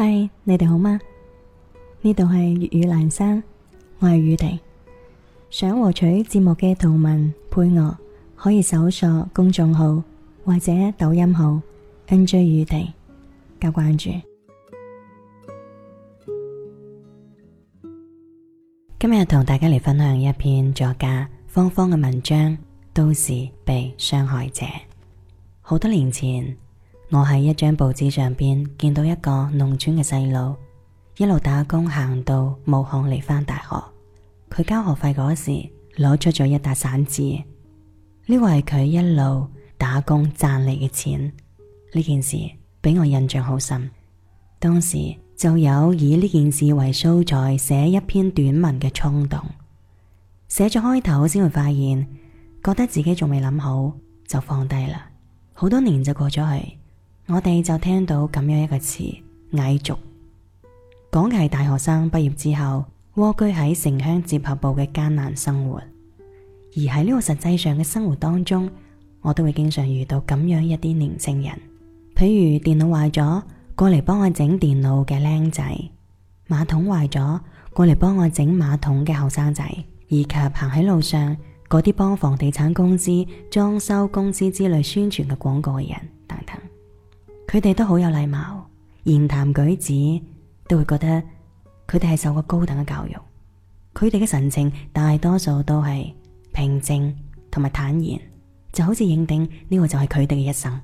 嗨，Hi, 你哋好嗎？呢度係粵語蘭生，我係宇婷，想獲取節目嘅圖文配樂，可以搜索公眾號或者抖音號 N J 宇婷」。加關注。今日同大家嚟分享一篇作家方方嘅文章《都是被傷害者》。好多年前。我喺一張報紙上邊見到一個農村嘅細路，一路打工行到武漢嚟返大學。佢交學費嗰時攞出咗一沓散紙，呢個係佢一路打工賺嚟嘅錢。呢件事俾我印象好深，當時就有以呢件事為素材寫一篇短文嘅衝動。寫咗開頭先會發現，覺得自己仲未諗好，就放低啦。好多年就過咗去。我哋就聽到咁樣一個詞，蟻族，講嘅係大學生畢業之後蝸居喺城鄉接合部嘅艱難生活。而喺呢個實際上嘅生活當中，我都會經常遇到咁樣一啲年輕人，譬如電腦壞咗過嚟幫我整電腦嘅靚仔，馬桶壞咗過嚟幫我整馬桶嘅後生仔，以及行喺路上嗰啲幫房地產公司、裝修公司之類宣傳嘅廣告嘅人等等。佢哋都好有禮貌，言談舉止都會覺得佢哋係受過高等嘅教育。佢哋嘅神情大多數都係平靜同埋坦然，就好似認定呢個就係佢哋嘅一生。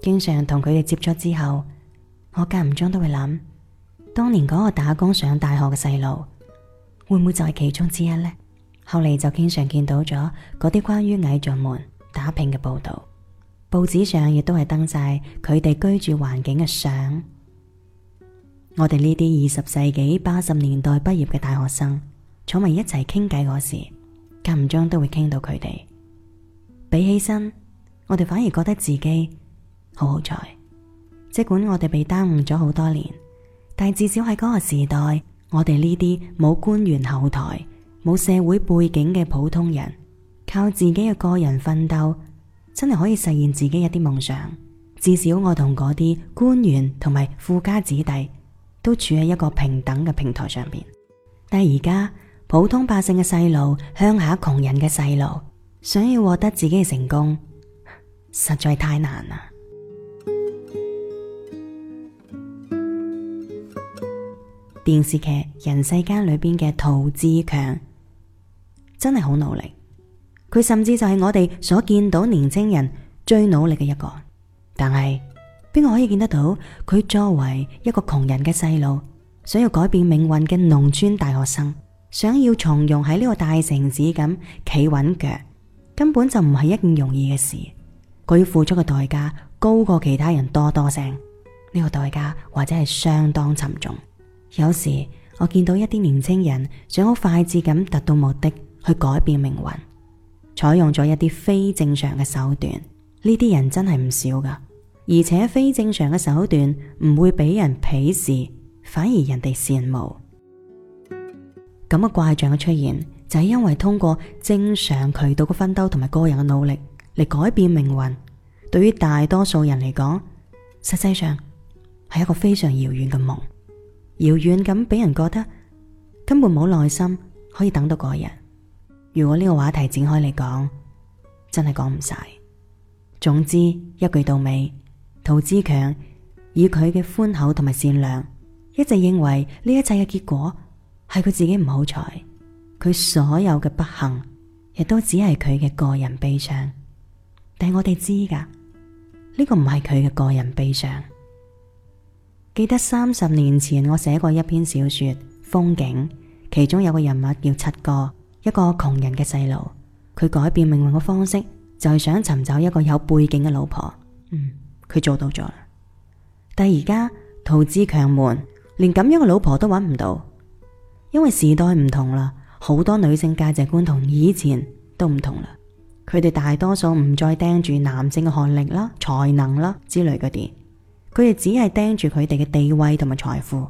經常同佢哋接觸之後，我間唔中都會諗，當年嗰個打工上大學嘅細路會唔會就係其中之一呢？後嚟就經常見到咗嗰啲關於蟻族們打拼嘅報道。報紙上亦都係登晒佢哋居住環境嘅相。我哋呢啲二十世紀八十年代畢業嘅大學生，坐埋一齊傾偈嗰時，間唔中都會傾到佢哋。比起身，我哋反而覺得自己好好彩。即管我哋被耽誤咗好多年，但至少喺嗰個時代，我哋呢啲冇官員後台、冇社會背景嘅普通人，靠自己嘅個人奮鬥，真係可以實現自己一啲夢想，至少我同嗰啲官員同埋富家子弟都處喺一個平等嘅平台上邊。但係而家普通百姓嘅細路、鄉下窮人嘅細路，想要獲得自己嘅成功，實在太難啦！電視劇《人世間》裏邊嘅涂自強真係好努力。佢甚至就係我哋所見到年青人最努力嘅一個但，但係邊個可以見得到佢作為一個窮人嘅細路，想要改變命運嘅農村大學生，想要從容喺呢個大城市咁企穩腳，根本就唔係一件容易嘅事。佢要付出嘅代價高過其他人多多聲，呢、呢個代價或者係相當沉重。有時我見到一啲年青人想好快捷咁達到目的去改變命運。採用咗一啲非正常嘅手段，呢啲人真係唔少噶，而且非正常嘅手段唔會俾人鄙視，反而人哋羨慕。咁嘅怪象嘅出現，就係、是、因為通過正常渠道嘅奮鬥同埋個人嘅努力嚟改變命運，對於大多數人嚟講，實際上係一個非常遙遠嘅夢，遙遠咁俾人覺得根本冇耐心可以等到嗰日。如果呢個話題展開嚟講，真係講唔晒。總之一句到尾，涂自強以佢嘅寬厚同埋善良，一直認為呢一切嘅結果係佢自己唔好彩，佢所有嘅不幸亦都只係佢嘅個人悲傷。但係我哋知噶，呢、這個唔係佢嘅個人悲傷。記得三十年前我寫過一篇小說《風景》，其中有個人物叫七哥。一個窮人嘅細路，佢改變命運嘅方式就係想尋找一個有背景嘅老婆。嗯，佢做到咗啦。但係而家涂自強們，連咁樣嘅老婆都揾唔到，因為時代唔同啦，好多女性價值觀同以前都唔同啦。佢哋大多數唔再盯住男性嘅學歷啦、才能啦之類嗰啲，佢哋只係盯住佢哋嘅地位同埋財富。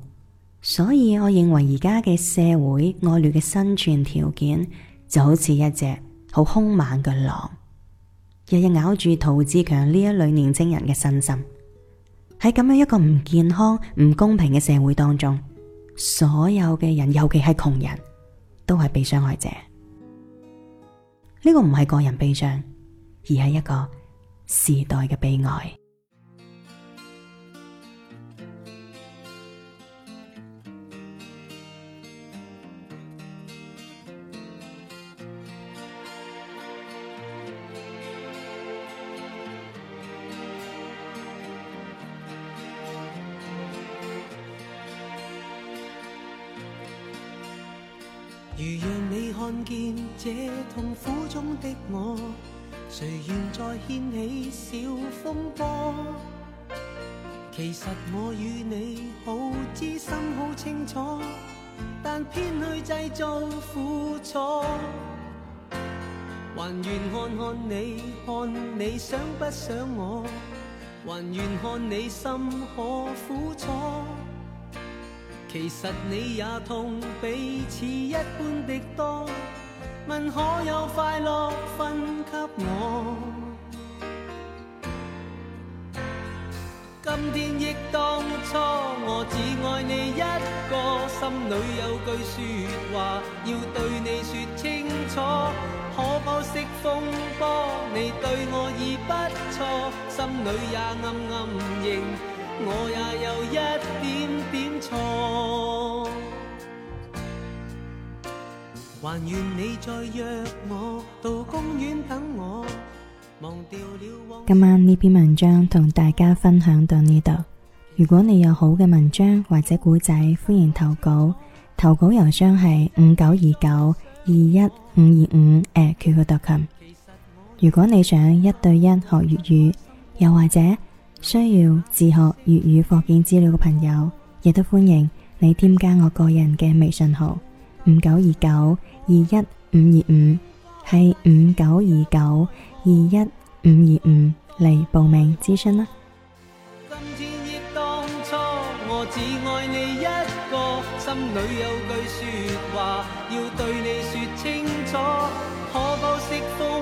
所以我認為而家嘅社會惡劣嘅生存條件就好似一隻好兇猛嘅狼，日日咬住涂自強呢一類年青人嘅身心。喺咁樣一個唔健康、唔公平嘅社會當中，所有嘅人，尤其係窮人，都係被傷害者。呢、這個唔係個人悲傷，而係一個時代嘅悲哀。如讓你看見這痛苦中的我，誰願再掀起小風波？其實我與你好知心好清楚，但偏去製造苦楚。還願看看你，看你想不想我？還願看你心可苦楚。其實你也同彼此一般的多。問可有快樂分給我？今天憶當初，我只愛你一個，心裏有句説話要對你説清楚。可否息風波？你對我已不錯，心裏也暗暗認。.我也有一點點錯。今晚呢篇文章同大家分享到呢度。如果你有好嘅文章或者古仔，歡迎投稿。投稿郵箱係五九二九二一五二五誒，QQ 點 com。如果你想一對一學粵語，又或者。需要自學粵語課件資料嘅朋友，亦都歡迎你添加我個人嘅微信號五九二九二一五二五，係五九二九二一五二五嚟報名諮詢啦。今天當，亦初我只你你一個心裏有句話要對你說清楚，可否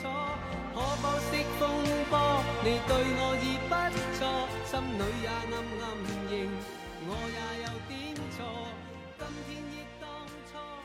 你對我已不錯，心裏也暗暗認，我也有點錯，今天憶當初。